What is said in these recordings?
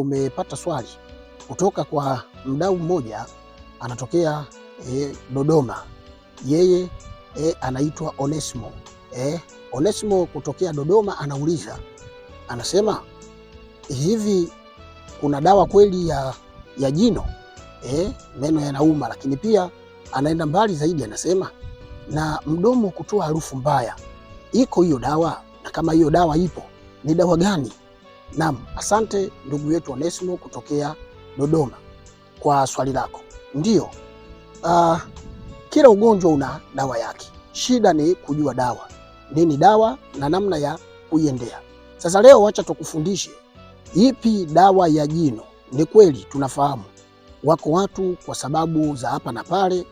Umepata swali kutoka kwa mdau mmoja anatokea e, Dodoma. Yeye e, anaitwa Onesmo e, Onesmo kutokea Dodoma anauliza, anasema hivi kuna dawa kweli ya, ya jino e, meno yanauma, lakini pia anaenda mbali zaidi, anasema na mdomo kutoa harufu mbaya, iko hiyo dawa? Na kama hiyo dawa ipo, ni dawa gani Naam, asante ndugu yetu Onesimo kutokea Dodoma kwa swali lako. Ndiyo, uh, ah, kila ugonjwa una dawa yake. Shida ni kujua dawa nini, dawa na namna ya kuiendea. Sasa leo wacha tukufundishe ipi dawa ya jino. Ni kweli tunafahamu wako watu kwa sababu za hapa na pale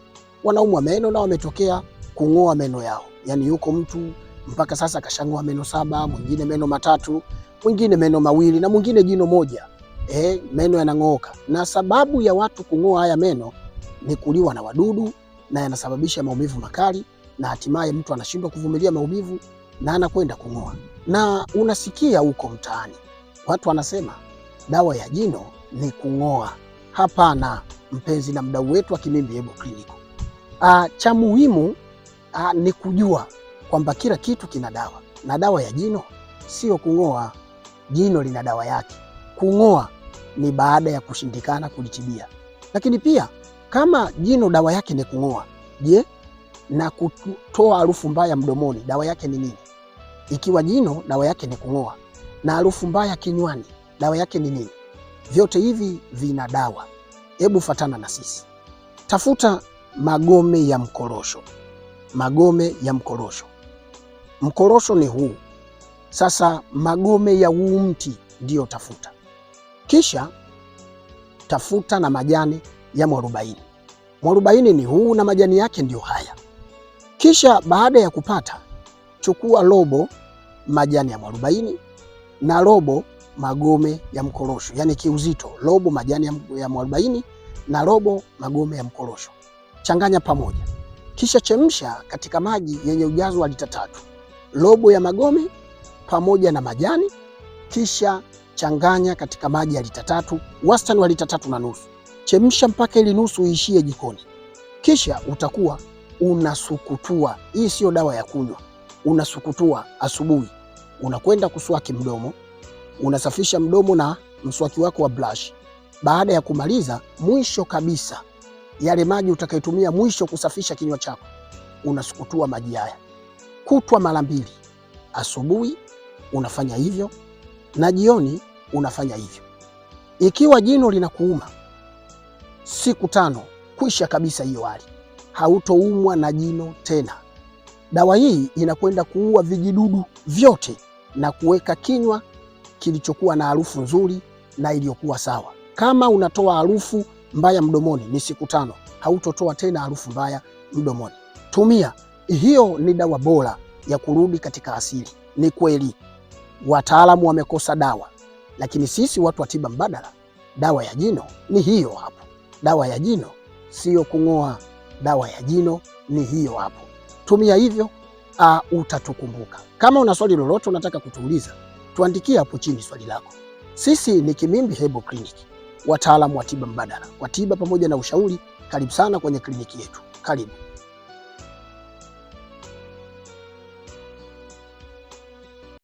wanaumwa meno na wametokea kung'oa meno yao, yaani yuko mtu mpaka sasa kashang'oa meno saba, mwingine meno matatu, mwingine meno mawili na mwingine jino moja eh, meno yanang'ooka. Na sababu ya watu kung'oa haya meno ni kuliwa na wadudu, na yanasababisha maumivu makali, na hatimaye mtu anashindwa kuvumilia maumivu na anakwenda kung'oa. Na unasikia huko mtaani watu wanasema dawa ya jino ni kung'oa. Hapana mpenzi na mdau wetu wa Kimimbi Herbal Clinic, ah, cha muhimu ah, ni kujua kwamba kila kitu kina dawa na dawa ya jino sio kung'oa jino lina dawa yake. Kung'oa ni baada ya kushindikana kulitibia. Lakini pia kama jino dawa yake ni kung'oa, je, na kutoa harufu mbaya mdomoni dawa yake ni nini? Ikiwa jino dawa yake ni kung'oa na harufu mbaya kinywani dawa yake ni nini? Vyote hivi vina dawa. Hebu fatana na sisi, tafuta magome ya mkorosho. Magome ya mkorosho, mkorosho ni huu sasa magome ya huu mti ndiyo tafuta, kisha tafuta na majani ya mwarobaini. Mwarobaini ni huu na majani yake ndiyo haya. Kisha baada ya kupata, chukua robo majani ya mwarobaini na robo magome ya mkorosho, yaani kiuzito, robo majani ya mwarobaini na robo magome ya mkorosho. Changanya pamoja, kisha chemsha katika maji yenye ujazo wa lita tatu robo ya magome pamoja na majani, kisha changanya katika maji ya lita tatu, wastani wa lita tatu na nusu. Chemsha mpaka ili nusu iishie jikoni, kisha utakuwa unasukutua. Hii siyo dawa ya kunywa, unasukutua asubuhi. Unakwenda kuswaki mdomo, unasafisha mdomo na mswaki wako wa brush. Baada ya kumaliza, mwisho kabisa, yale maji utakayotumia mwisho kusafisha kinywa chako, unasukutua maji haya kutwa mara mbili, asubuhi unafanya hivyo, na jioni unafanya hivyo. Ikiwa jino linakuuma siku tano, kwisha kabisa hiyo hali, hautoumwa na jino tena. Dawa hii inakwenda kuua vijidudu vyote na kuweka kinywa kilichokuwa na harufu nzuri na iliyokuwa sawa. Kama unatoa harufu mbaya mdomoni, ni siku tano, hautotoa tena harufu mbaya mdomoni. Tumia hiyo, ni dawa bora ya kurudi katika asili. Ni kweli wataalamu wamekosa dawa, lakini sisi watu wa tiba mbadala, dawa ya jino ni hiyo hapo. Dawa ya jino siyo kung'oa, dawa ya jino ni hiyo hapo. Tumia hivyo, utatukumbuka. Kama una swali lolote unataka kutuuliza, tuandikie hapo chini swali lako. Sisi ni Kimimbi Herbal Clinic, wataalamu wa tiba mbadala, kwa tiba pamoja na ushauri. Karibu sana kwenye kliniki yetu, karibu.